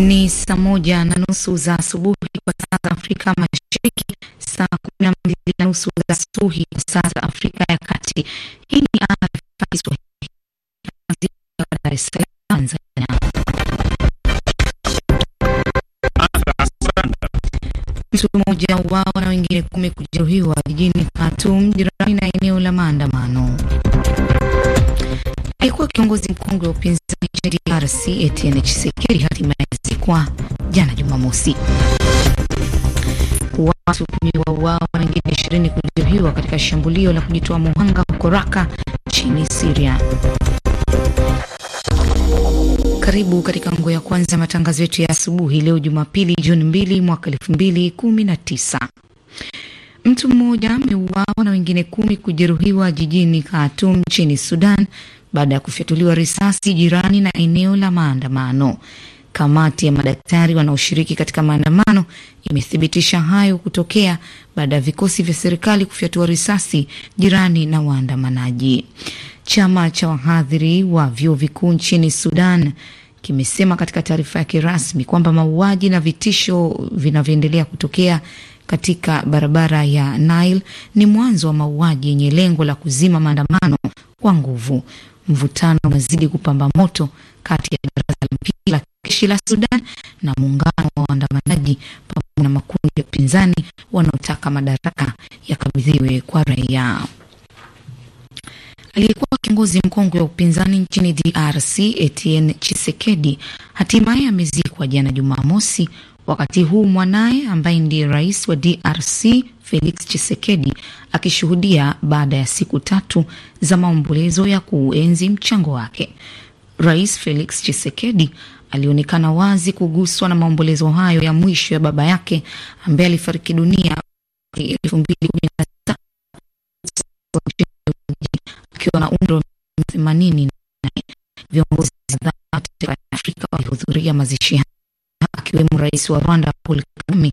Ni saa moja na nusu za asubuhi kwa saa za Afrika Mashariki, saa kumi na mbili na nusu za asubuhi kwa saa za Afrika ya Kati. Hii ni RFI Kiswahili, Dar es Salaam, Tanzania. Mtu mmoja wao na wengine kumi kujeruhiwa jijini Khartoum, jirani na eneo la maandamano. Alikuwa kiongozi mkongwe wa upinzani nchini DRC Etienne Tshisekedi hatimaye zikwa jana Jumamosi. Watu kumi wauawa na wengine ishirini kujeruhiwa katika shambulio la kujitoa muhanga huko Raka nchini Syria. Karibu katika nguo ya kwanza matangazo yetu ya asubuhi leo Jumapili Juni 2 mwaka tisa. Mtu mmoja ameuawa na wengine kumi kujeruhiwa jijini Khartoum nchini Sudan baada ya kufyatuliwa risasi jirani na eneo la maandamano. Kamati ya madaktari wanaoshiriki katika maandamano imethibitisha hayo kutokea baada ya vikosi vya serikali kufyatua risasi jirani na waandamanaji. Chama cha wahadhiri wa vyuo vikuu nchini Sudan kimesema katika taarifa yake rasmi kwamba mauaji na vitisho vinavyoendelea kutokea katika barabara ya Nile ni mwanzo wa mauaji yenye lengo la kuzima maandamano kwa nguvu mvutano unazidi kupamba moto kati ya baraza la mpito la kijeshi la Sudan na muungano wa waandamanaji pamoja na makundi ya upinzani wanaotaka madaraka yakabidhiwe kwa raia. Aliyekuwa kiongozi mkongwe wa upinzani nchini DRC Etienne chisekedi hatimaye amezikwa jana Jumamosi, wakati huu mwanaye ambaye ndiye rais wa DRC Felix Chisekedi akishuhudia baada ya siku tatu za maombolezo ya kuuenzi mchango wake. Rais Felix chisekedi alionekana wazi kuguswa na maombolezo hayo ya mwisho ya baba yake ambaye alifariki dunia elfu mbili kumi na akiwa na umri wa themanini na nane. Viongozi kadhaa wa taifa la Afrika walihudhuria mazishi hayo akiwemo rais wa Rwanda Paul Kagame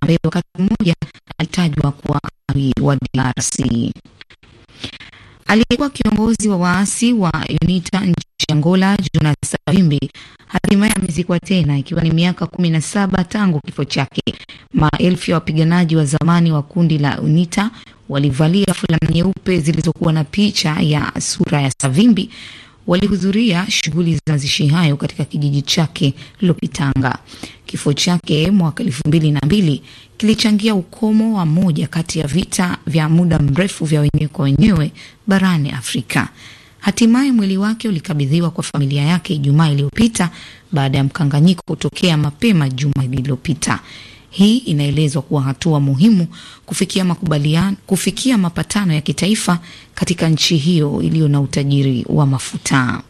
ambaye wakati mmoja alitajwa kuwa kawi wa DRC. Aliyekuwa kiongozi wa waasi wa UNITA nchi Angola, Jonas Savimbi hatimaye amezikwa tena ikiwa ni miaka kumi na saba tangu kifo chake. Maelfu ya wapiganaji wa zamani wa kundi la UNITA walivalia fulana nyeupe zilizokuwa na picha ya sura ya Savimbi walihudhuria shughuli za mazishi hayo katika kijiji chake Lopitanga. Kifo chake mwaka elfu mbili na mbili kilichangia ukomo wa moja kati ya vita vya muda mrefu vya wenyewe kwa wenyewe barani Afrika. Hatimaye mwili wake ulikabidhiwa kwa familia yake Ijumaa iliyopita baada ya mkanganyiko kutokea mapema juma lililopita. Hii inaelezwa kuwa hatua muhimu kufikia makubaliano, kufikia mapatano ya kitaifa katika nchi hiyo iliyo na utajiri wa mafuta.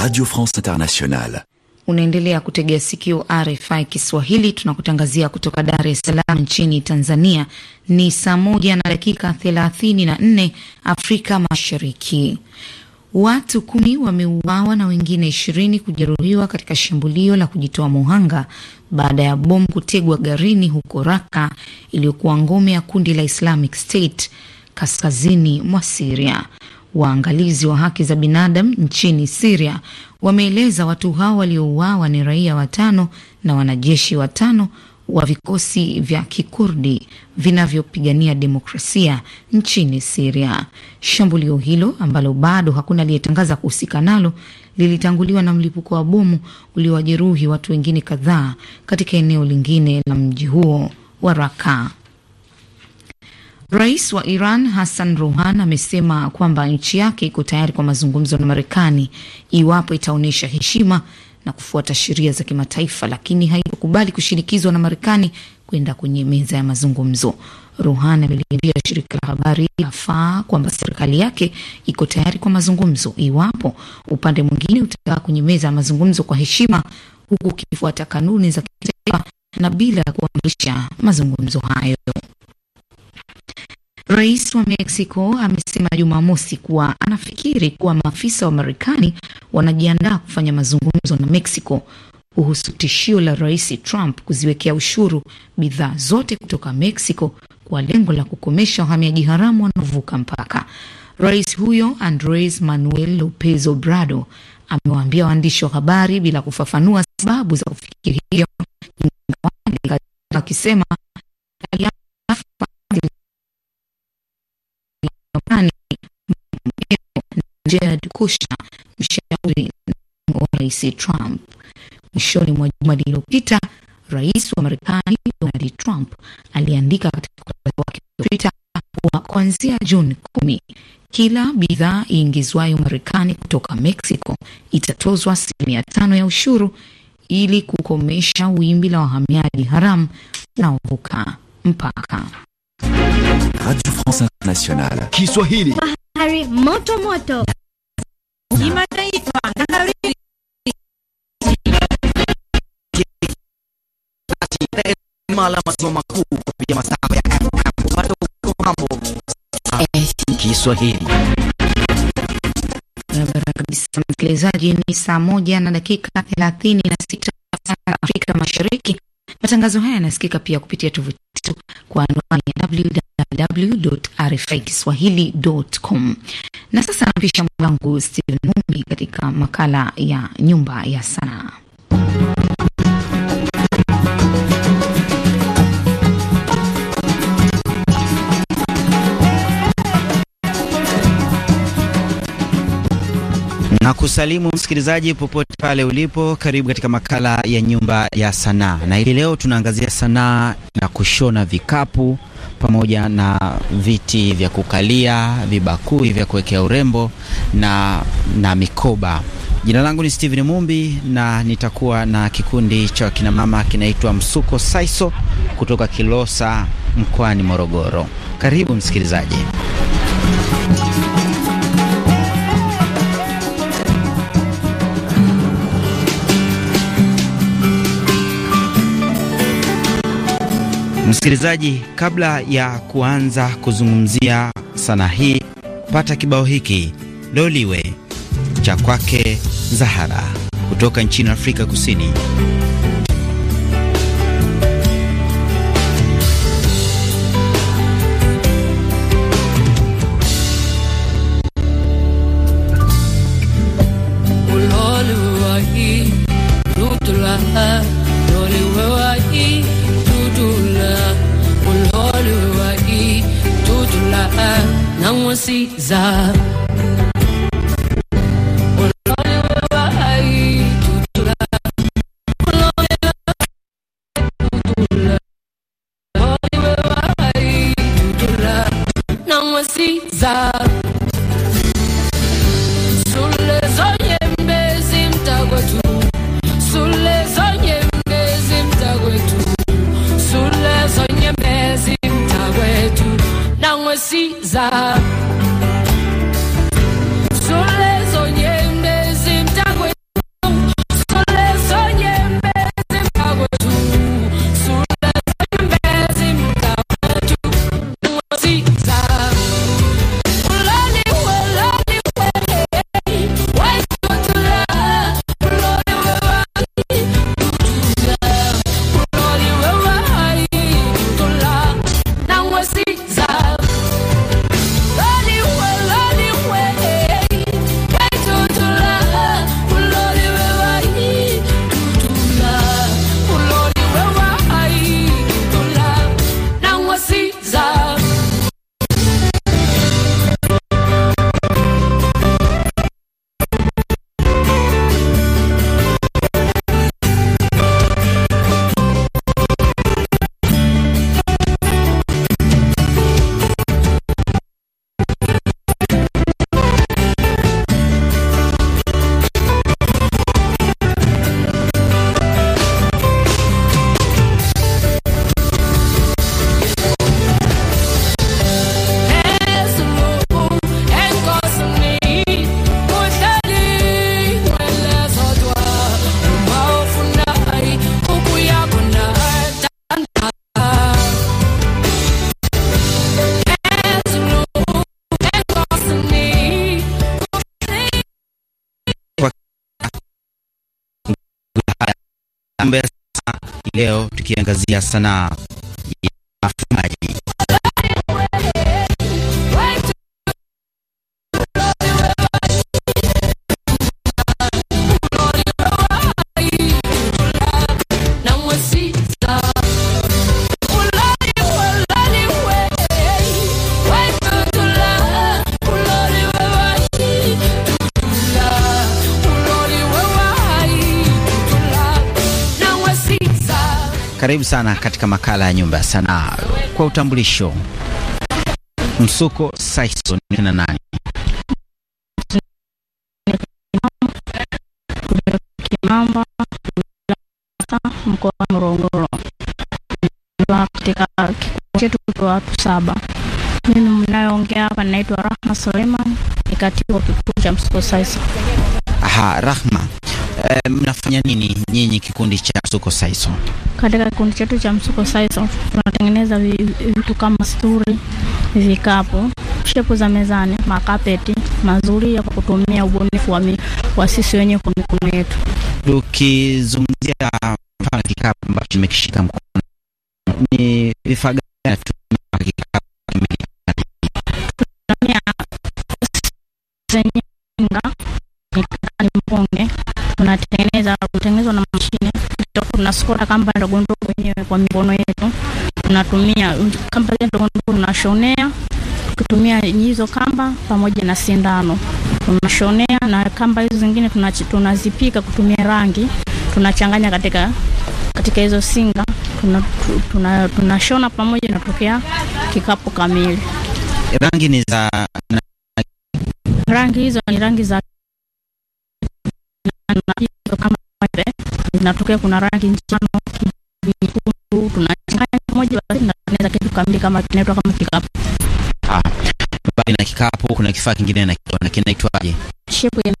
Radio France Internationale. Unaendelea kutegea sikio RFI Kiswahili, tunakutangazia kutoka Dar es Salaam nchini Tanzania. Ni saa moja na dakika 34 Afrika Mashariki. Watu kumi wameuawa na wengine ishirini kujeruhiwa katika shambulio la kujitoa muhanga baada ya bomu kutegwa garini huko Raka iliyokuwa ngome ya kundi la Islamic State kaskazini mwa Siria. Waangalizi wa haki za binadamu nchini Siria wameeleza watu hao waliouawa ni raia watano na wanajeshi watano wa vikosi vya kikurdi vinavyopigania demokrasia nchini Siria. Shambulio hilo ambalo bado hakuna aliyetangaza kuhusika nalo lilitanguliwa na mlipuko wa bomu uliowajeruhi watu wengine kadhaa katika eneo lingine la mji huo wa Raka. Rais wa Iran Hassan rohan amesema kwamba nchi yake iko tayari kwa mazungumzo na Marekani iwapo itaonyesha heshima na kufuata sheria za kimataifa, lakini haitokubali kushinikizwa na Marekani kwenda kwenye meza ya mazungumzo. rohan ameliambia shirika la habari la kwamba serikali yake iko tayari kwa mazungumzo iwapo upande mwingine utakaa kwenye meza ya mazungumzo kwa heshima, huku ukifuata kanuni za kimataifa na bila ya kuamrisha mazungumzo hayo. Rais wa Mexico amesema Jumamosi kuwa anafikiri kuwa maafisa wa Marekani wanajiandaa kufanya mazungumzo na Mexico kuhusu tishio la Rais Trump kuziwekea ushuru bidhaa zote kutoka Mexico kwa lengo la kukomesha wahamiaji haramu wanaovuka mpaka. Rais huyo Andres Manuel Lopez Obrador amewaambia waandishi wa habari bila kufafanua sababu za kufikiria, akisema Jared Kushner, mshauri wa rais Trump. Mwishoni mwa juma lililopita, rais wa Marekani Donald Trump aliandika katika ukurasa wake wa Twitter kuwa kuanzia Juni kumi kila bidhaa iingizwayo Marekani kutoka Mexico itatozwa asilimia tano ya ushuru ili kukomesha wimbi la wahamiaji haramu unaovuka mpaka. Radio France Internationale Kiswahili. bahari moto moto kimataifa barabara kabisa, msikilizaji. Ni saa moja na dakika thelathini na sita Afrika Mashariki. Matangazo haya yanasikika pia kupitia tovuti yetu kwa anwani ya www.rfikiswahili.com. kiswahili.com. Na sasa nampisha mwenzangu Steven Mumbi katika makala ya nyumba ya sanaa. kusalimu msikilizaji popote pale ulipo. Karibu katika makala ya nyumba ya sanaa, na hii leo tunaangazia sanaa ya kushona vikapu pamoja na viti vya kukalia, vibakuli vya kuwekea urembo na, na mikoba. Jina langu ni Steven Mumbi na nitakuwa na kikundi cha kinamama kinaitwa Msuko Saiso kutoka Kilosa mkoani Morogoro. Karibu msikilizaji. Msikilizaji, kabla ya kuanza kuzungumzia sanaa hii, pata kibao hiki Loliwe cha kwake Zahara kutoka nchini Afrika Kusini. Uloluwahi, na mwasiza leo tukiangazia sanaa Karibu sana katika makala ya Nyumba ya Sanaa. Kwa utambulisho, Msuko Saiso na kina nani? Kimamba, mkoa wa Morogoro. Katika kikundi chetu watu saba. Mimi mnayoongea hapa naitwa Rahma Suleiman, ni katibu wa kikundi cha Msuko Saiso. Aha, Rahma Eh, mnafanya nini nyinyi kikundi cha Msuko Saison? Katika kikundi chetu cha Msuko Saison tunatengeneza vitu kama sturi, vikapu, shepu za mezani, makapeti, mazuri ya kutumia ubunifu wa, wa sisi wenyewe kwa mikono yetu. Tukizungumzia mfano kikapu ambacho nimekishika mkono, ni vifaa gani natumia kikapu? Tunatumia zenye tunatengeneza kutengenezwa na mashine, tunasokota kamba ndogo ndogo wenyewe kwa mikono yetu, tunatumia kamba ndogo ndogo tunashonea kutumia hizo kamba pamoja na sindano tunashonea, na kamba hizo zingine tunazipika kutumia rangi, tunachanganya katika katika hizo singa, tunashona tuna, tuna pamoja, inatokea kikapu kamili. Rangi ni za rangi hizo ni rangi za kama maembe zinatokea, kuna rangi njano, nyekundu, tunachanganya moja, basi tunatengeneza kitu kamili kama kinaitwa kama kikapu. Ah, bali na kikapu kuna kifaa kingine na kitu kinaitwaje? Shepu ya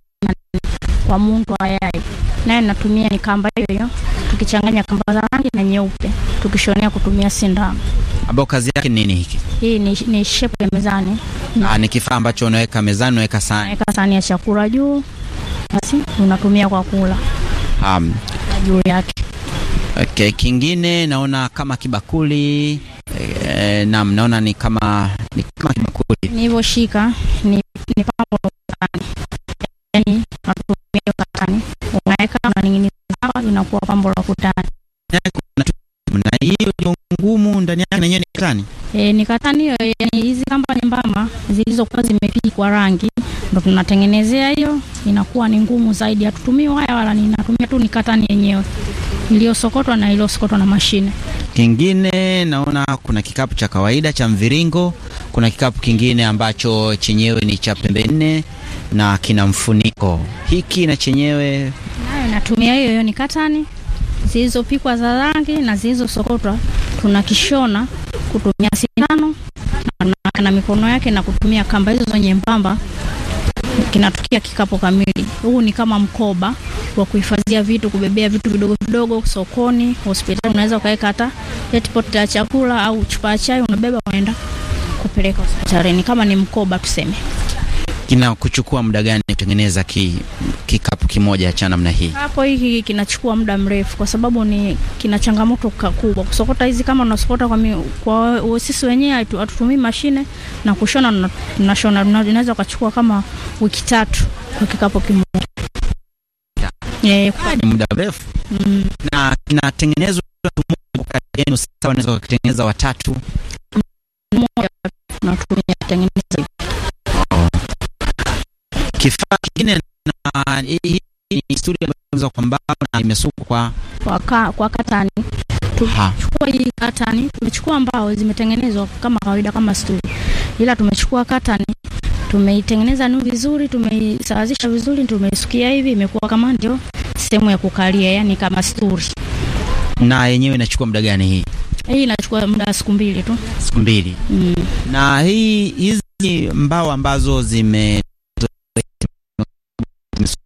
kwa muundo wa yai, nayo natumia ni kamba hiyo hiyo, tukichanganya kamba za rangi na nyeupe, tukishonea kutumia sindano ambao kazi yake nini hiki? Hii ni, ni shepu ya mezani. Ah, ni kifaa ambacho unaweka mezani, unaweka sahani, unaweka sahani ya chakula juu basi unatumia kwa kula um, juu yake. Okay, kingine naona kama kibakuli e, eh, na naona ni kama ni kama kibakuli nilivyoshika ni, ni yaani, pambo la ukutani, yani natumia ukutani, unaweka unaning'iniza, inakuwa pambo la kutani Na hiyo ndio ngumu ndani yake na yenyewe ni katani. E, eh, nikatani hiyo yani, hizi kamba nyembamba zilizokuwa zimepikwa rangi ndo tunatengenezea hiyo, inakuwa ni ngumu zaidi. Hatutumii waya wala natumia tu nikatani yenyewe iliyosokotwa na iliyosokotwa na mashine. Kingine naona kuna kikapu cha kawaida cha mviringo, kuna kikapu kingine ambacho chenyewe ni cha pembe nne na kina mfuniko hiki na chenyewe nayo natumia hiyo hiyo katani zilizopikwa za rangi na zilizosokotwa tunakishona kutumia sindano na, na mikono yake na kutumia kamba hizo nyembamba, kinatukia kikapo kamili. Huu ni kama mkoba wa kuhifadhia vitu, kubebea vitu vidogo vidogo sokoni, hospitali. Unaweza ukaweka hata jetpot ya chakula au chupa ya chai, unabeba unaenda kupeleka hospitalini, kama ni mkoba tuseme kina kuchukua muda gani kutengeneza ki, kikapu kimoja cha namna hii? Hapo hiki kinachukua muda mrefu, kwa sababu ni kina changamoto kubwa. Kusokota hizi kama unasokota kwa, kwa sisi wenyewe hatutumii mashine, na kushona tunashona, tunaweza kuchukua kama wiki tatu kwa kikapu kimoja. Yeah, kwa... muda mrefu mm. na kinatengenezwa sasa wanaweza kutengeneza watatu mmoja, na tunatengeneza Kifaa kingine na hii ni sturi ambayo mbao na imesukwa kwa, kwa katani. Tumechukua hii katani, tumechukua mbao zimetengenezwa kama kawaida kama sturi, ila tumechukua katani tumeitengeneza nu vizuri, tumeisawazisha vizuri, tumeisukia hivi, imekuwa kama ndio sehemu ya kukalia, yani kama sturi. Na yenyewe inachukua muda gani hii? Hii inachukua muda wa siku mbili tu. Siku mbili. Mm. Na hii hizi mbao ambazo zime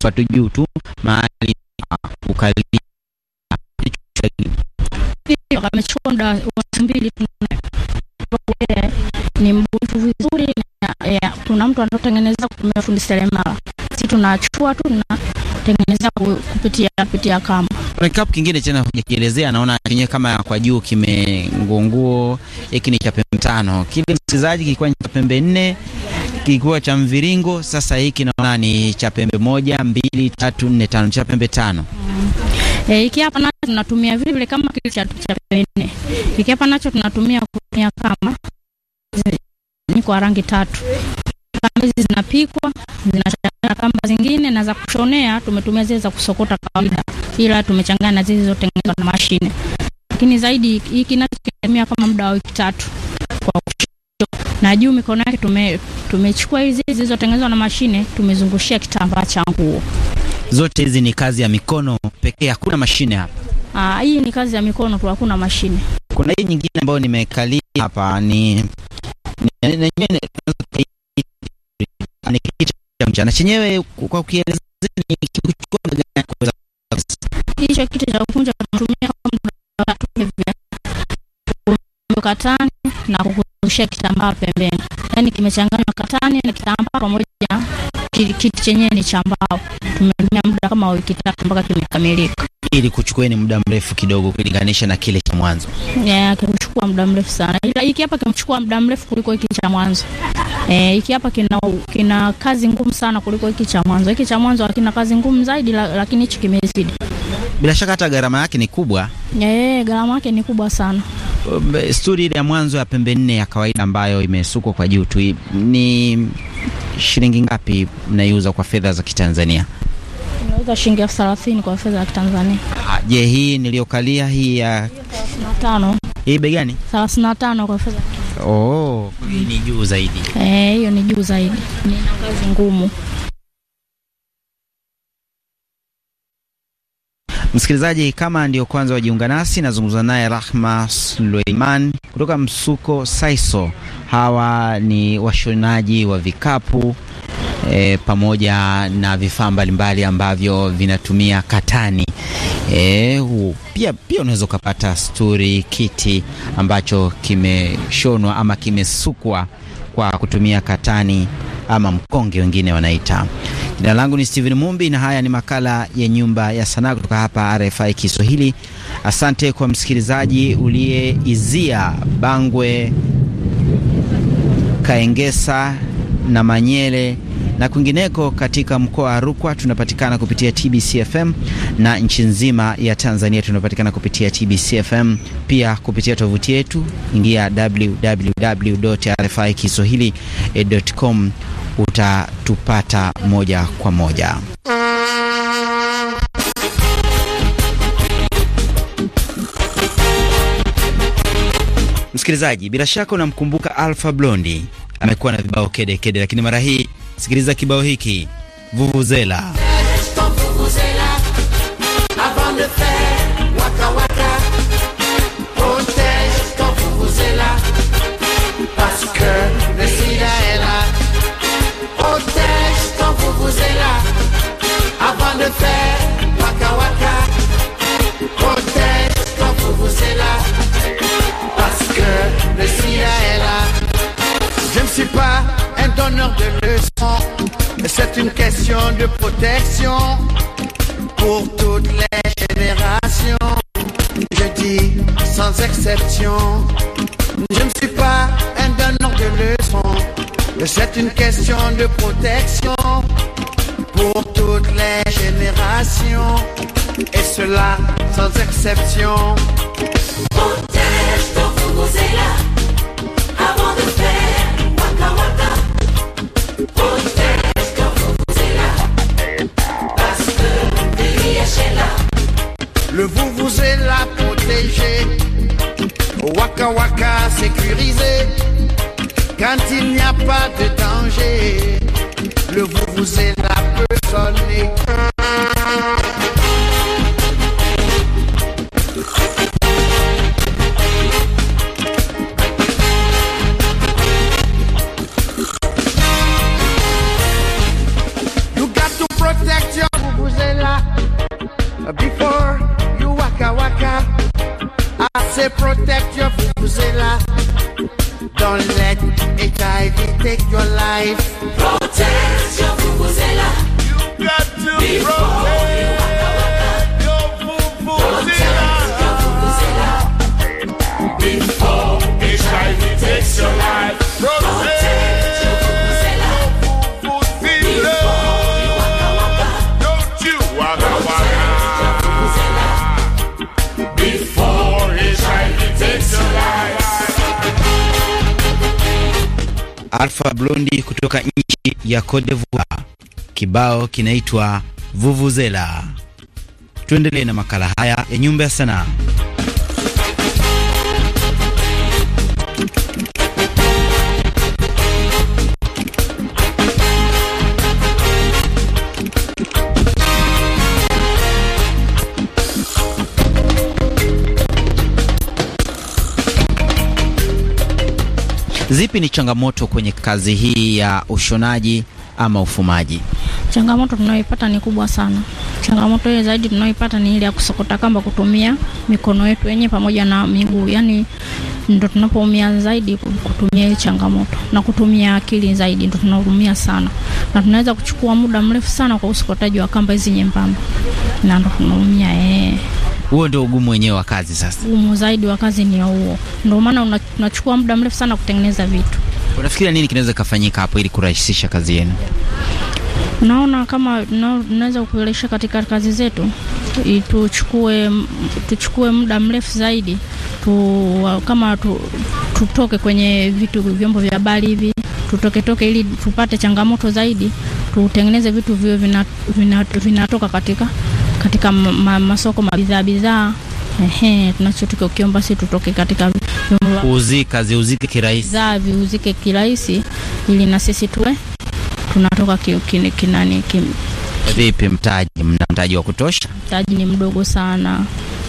pato tu mahali ukalia amechukua muda wa siku mbili ni mbunifu vizuri eh, kuna mtu anaotengeneza kutumia fundi seremala, si tunachua tu tengeneza kupitia kupitia kamba. Kuna kikapu kingine tena hujakielezea, naona chenyewe kama kwa juu kimenguonguo, hiki ni cha pembe tano, kile msikilizaji kilikuwa ni cha pembe nne kilikuwa cha mviringo, sasa hiki naona ni cha pembe moja, mbili, tatu, nne, tano, cha pembe tano. E, hiki hapa nacho tunatumia vile vile kama kile cha cha pembe nne. Hiki hapa nacho tunatumia kutumia kama ni kwa rangi tatu. Kama hizi zinapikwa, zinachangana kamba zingine na za kushonea tumetumia zile za kusokota kawaida. Ila tumechanganya na zile zilizotengenezwa na mashine. Lakini zaidi hiki nacho kinatumia kama muda wa wiki tatu kwa kushonea na juu mikono yake tume, tumechukua hizi zilizotengenezwa na mashine tumezungushia kitambaa cha nguo. Zote hizi ni kazi ya mikono pekee, hakuna mashine hapa? Aa, hii ni kazi ya mikono tu, hakuna mashine. Kuna hii nyingine ambayo nimekalia hapa ni na chenyewe kwa kukielezea hicho kitu cha kukunja tunatumia katani na kuku kurushia kitambaa pembeni, yaani kimechanganywa katani na kitambaa pamoja kiti chenyewe ni cha mbao. Tumetumia muda kama wiki tatu mpaka kimekamilika. Ili kuchukua ni muda mrefu kidogo kulinganisha na kile cha mwanzo. Yeah, kimechukua muda mrefu sana, ila hiki hapa kimechukua muda mrefu kuliko hiki cha mwanzo. Eh, hiki hapa kina, kina kazi ngumu sana kuliko hiki cha mwanzo. Hiki cha mwanzo hakina kazi ngumu zaidi, lakini hichi kimezidi bila shaka hata gharama yake ni kubwa. Yeah, gharama yake ni kubwa sana. Um, Studio ile ya mwanzo ya pembe nne ya kawaida ambayo imesukwa kwa juu tu ni shilingi ngapi mnaiuza kwa fedha za Kitanzania? Nauza shilingi elfu thelathini kwa fedha za Kitanzania. Ah, je, hii niliyokalia hii ya 35. Hii bei gani? 35 kwa fedha. Oh, hii ni juu zaidi. Eh, hiyo ni juu zaidi. Ni kazi ngumu. Msikilizaji, kama ndio kwanza wajiunga nasi, nazungumza naye Rahma Suleiman kutoka Msuko Saiso. Hawa ni washonaji wa vikapu e, pamoja na vifaa mbalimbali ambavyo vinatumia katani. E, pia pia unaweza ukapata sturi kiti ambacho kimeshonwa ama kimesukwa kwa kutumia katani ama mkonge wengine wanaita. Jina langu ni Steven Mumbi na haya ni makala ya Nyumba ya Sanaa kutoka hapa RFI Kiswahili. Asante kwa msikilizaji uliyeizia Bangwe, Kaengesa na Manyele na kwingineko katika mkoa wa Rukwa tunapatikana kupitia TBC FM na nchi nzima ya Tanzania tunapatikana kupitia TBC FM, pia kupitia tovuti yetu, ingia www.rfikiswahili.com utatupata moja kwa moja. Msikilizaji, bila shaka unamkumbuka Alpha Blondi, amekuwa na vibao kedekede kede, lakini mara hii sikiliza kibao hiki Vuvuzela. là, parce que Je ne suis pas un donneur de leçons, c'est une question de protection pour toutes les générations. Je dis sans exception, je ne suis pas un donneur de leçons, c'est une question de protection pour toutes les générations, et cela sans exception. Protège ton Vuvuzela avant de faire Waka Waka. Protège ton Vuvuzela parce que Billy est là. Le Vuvuzela protégé, Waka Waka sécurisé. Quand il n'y a pas de danger, le vous est money. Alpha blondi kutoka nchi ya Cote d'Ivoire. Kibao kinaitwa Vuvuzela. Tuendelee na makala haya ya nyumba ya sanaa. Zipi ni changamoto kwenye kazi hii ya ushonaji ama ufumaji? Changamoto tunayoipata ni kubwa sana. Changamoto ile zaidi tunayoipata ni ile ya kusokota kamba kutumia mikono yetu yenyewe pamoja na miguu, yaani ndo tunapoumia zaidi kutumia ile changamoto, na kutumia akili zaidi ndo tunaumia sana, na tunaweza kuchukua muda mrefu sana kwa usokotaji wa kamba hizi nyembamba, na ndo tunaumia eh. Huo ndio ugumu wenyewe wa kazi. Sasa ugumu zaidi wa kazi ni huo, ndio maana unachukua muda mrefu sana kutengeneza vitu. Unafikiria nini kinaweza kufanyika hapo ili kurahisisha kazi yenu? Naona kama naweza kuelesha katika kazi zetu tuchukue tuchukue muda mrefu zaidi tu, kama tu, tutoke kwenye vitu vyombo vya habari hivi tutoke toke ili tupate changamoto zaidi, tutengeneze vitu vio vinatoka vina, vina katika katika ma, masoko mabidhaa bidhaa ehe, tunachotoka ukiomba si tutoke katika uzika ziuzike kirahisi za viuzike kirahisi, ili na sisi tuwe tunatoka kinani ki, kinani ki, ki. Vipi mtaji, mna mtaji wa kutosha? Mtaji ni mdogo sana.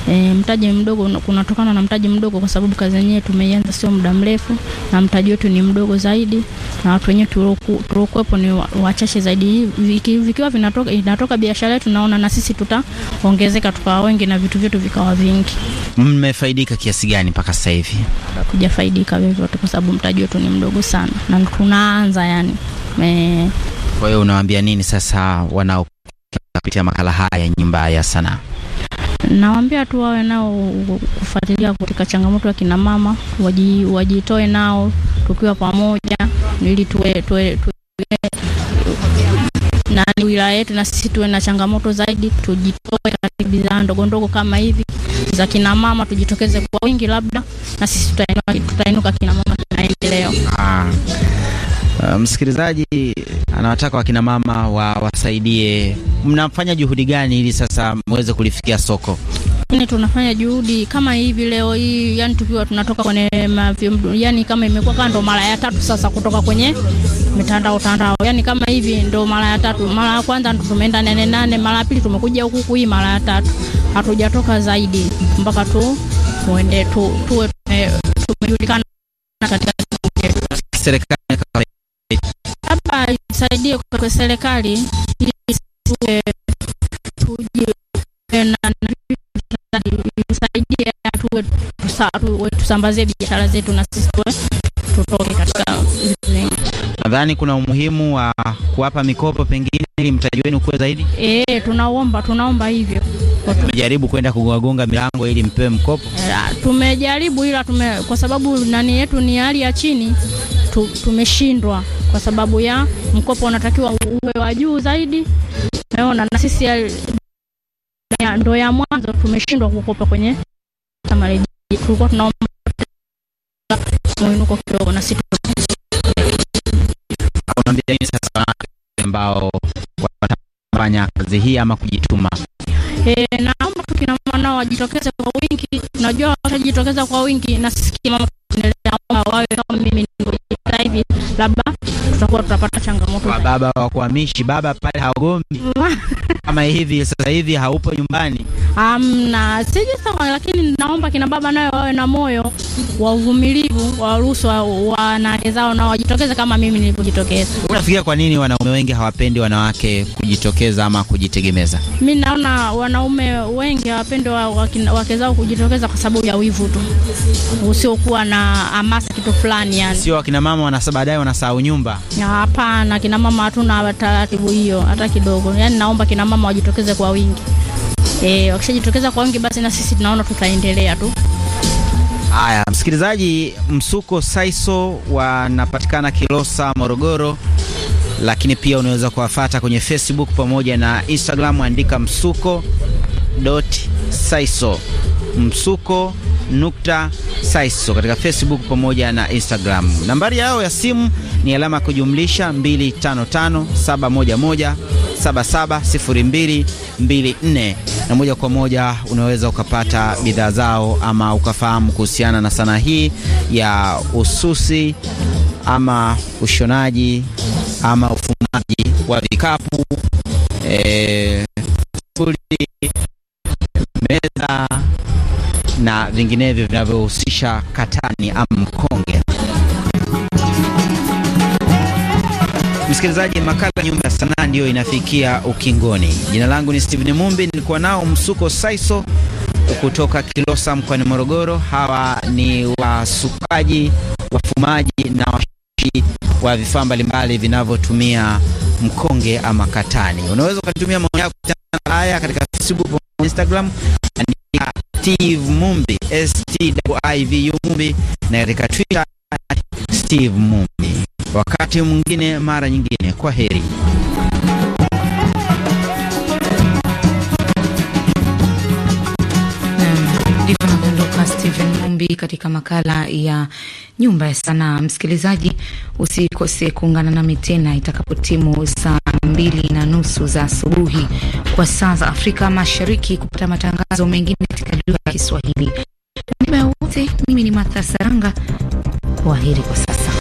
E, mtaji mdogo kunatokana na mtaji mdogo kwa sababu kazi yenyewe tumeianza sio muda mrefu na mtaji wetu ni mdogo zaidi na watu wenyewe tuliokuwepo ni wachache zaidi. Vikiwa vinatoka inatoka biashara yetu, naona na sisi tutaongezeka tukawa wengi na vitu vyetu vikawa vingi. Mmefaidika kiasi gani mpaka sasa hivi? Kujafaidika vyovyote kwa sababu mtaji wetu ni mdogo sana na tunaanza yani. E, kwa hiyo unawaambia nini sasa wanao kupitia makala haya Nyumba ya Sanaa? Nawaambia tu wawe nao kufuatilia katika changamoto ya kina mama, waji, wajitoe nao tukiwa pamoja ili tuwe, tuwe, tuwe na wilaya yetu na sisi tuwe na changamoto zaidi, tujitoe katika bidhaa ndogo ndogo kama hivi za kina mama, tujitokeze kwa wingi, labda na sisi tutainuka, tutainuka kina mama. Eh, msikilizaji anawataka wakina mama wawasaidie, mnafanya juhudi gani ili sasa mweze kulifikia soko? Ni tunafanya juhudi kama hivi leo hii, yani tukiwa tunatoka kwenye yani, kama imekuwa kama ndo mara ya tatu sasa kutoka kwenye mitandao tandao, yani kama hivi ndo mara ya tatu. Mara ya kwanza tumeenda nane nane, mara ya pili tumekuja huku, hii mara ya tatu hatujatoka zaidi mpaka tu muende tu tuwe eh, tumejulikana katika serikali labda isaidie kwa serikali ili tuwe tujisaidie tuwe tusambazie biashara zetu na sisi tutoke katika nadhani kuna umuhimu wa kuwapa mikopo pengine ili mtaji wenu kuwe zaidi. E, tunaomba tunaomba hivyo. Tumejaribu kwenda kugongagonga milango ili mpewe mkopo. Eh, tumejaribu ila tume, kwa sababu nani yetu ni hali ya chini tu, tumeshindwa kwa sababu ya mkopo unatakiwa uwe wa juu zaidi. Umeona, na sisi ndo ya mwanzo tumeshindwa kukopa kwenye marejeo. Tulikuwa tunaomba mwinuko kidogo na sisi ambao watafanya kazi hii ama kujituma E, naomba tukina mama nao wajitokeze kwa wingi, najua watajitokeza kwa wingi na sisi kina mama labda tutakuwa tutapata changamoto. Kwa baba wa kuhamishi, baba pale haogombi kama hivi sasa hivi haupo nyumbani? Amna, um, sawa, lakini naomba kina baba nayo wawe na moyo wa uvumilivu, waruhusu wanawake zao nao wajitokeze kama mimi nilivyojitokeza. Unafikiria kwa nini wanaume wengi hawapendi wanawake kujitokeza ama kujitegemeza? Mi naona wanaume wengi hawapendi wake zao kujitokeza kwa sababu ya wivu tu usiokuwa na wana hamasa kitu fulani yani. Sio akina mama wana baadaye wanasahau nyumba. Hapana, akina mama hatuna taratibu hiyo hata kidogo. Yaani naomba akina mama wajitokeze kwa wingi. E, wakishajitokeza kwa wingi basi na sisi tunaona tutaendelea tu. Haya, msikilizaji, Msuko Saiso wanapatikana Kilosa, Morogoro, lakini pia unaweza kuwafata kwenye Facebook pamoja na Instagram, andika msuko dot saiso msuko nukta saiso katika Facebook pamoja na Instagram. Nambari yao ya simu ni alama ya kujumlisha 255711770224 na moja kwa moja unaweza ukapata bidhaa zao ama ukafahamu kuhusiana na sanaa hii ya ususi ama ushonaji ama ufumaji wa vikapu e, meza na vinginevyo vinavyohusisha katani ama mkonge. Msikilizaji, makala Nyumba ya Sanaa ndiyo inafikia ukingoni. Jina langu ni Steven Mumbi, nilikuwa nao Msuko Saiso kutoka Kilosa mkoani Morogoro. Hawa ni wasukaji, wafumaji na washi wa vifaa mbalimbali vinavyotumia mkonge ama katani. Unaweza ukatumia maoni yako haya katika Facebook, Instagram Steve Mumbi Stiv Mumbi na katika Twitter Steve Mumbi. Wakati mwingine, mara nyingine, kwa heri. katika makala ya nyumba ya sanaa. Msikilizaji, usikose kuungana nami tena itakapotimu saa mbili na nusu za asubuhi kwa saa za Afrika Mashariki kupata matangazo mengine katika ya Kiswahili. Kwa niaba ya wote, mimi ni matasaranga Saranga, kwaheri kwa sasa.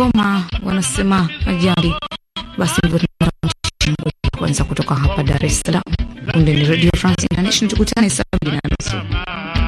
Kigoma wanasema ajali. Basi ndivyo kwanza kutoka hapa Dar es Salaam. Kunde ni Radio France International, tukutane saa mbili na nusu.